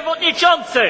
przewodniczący!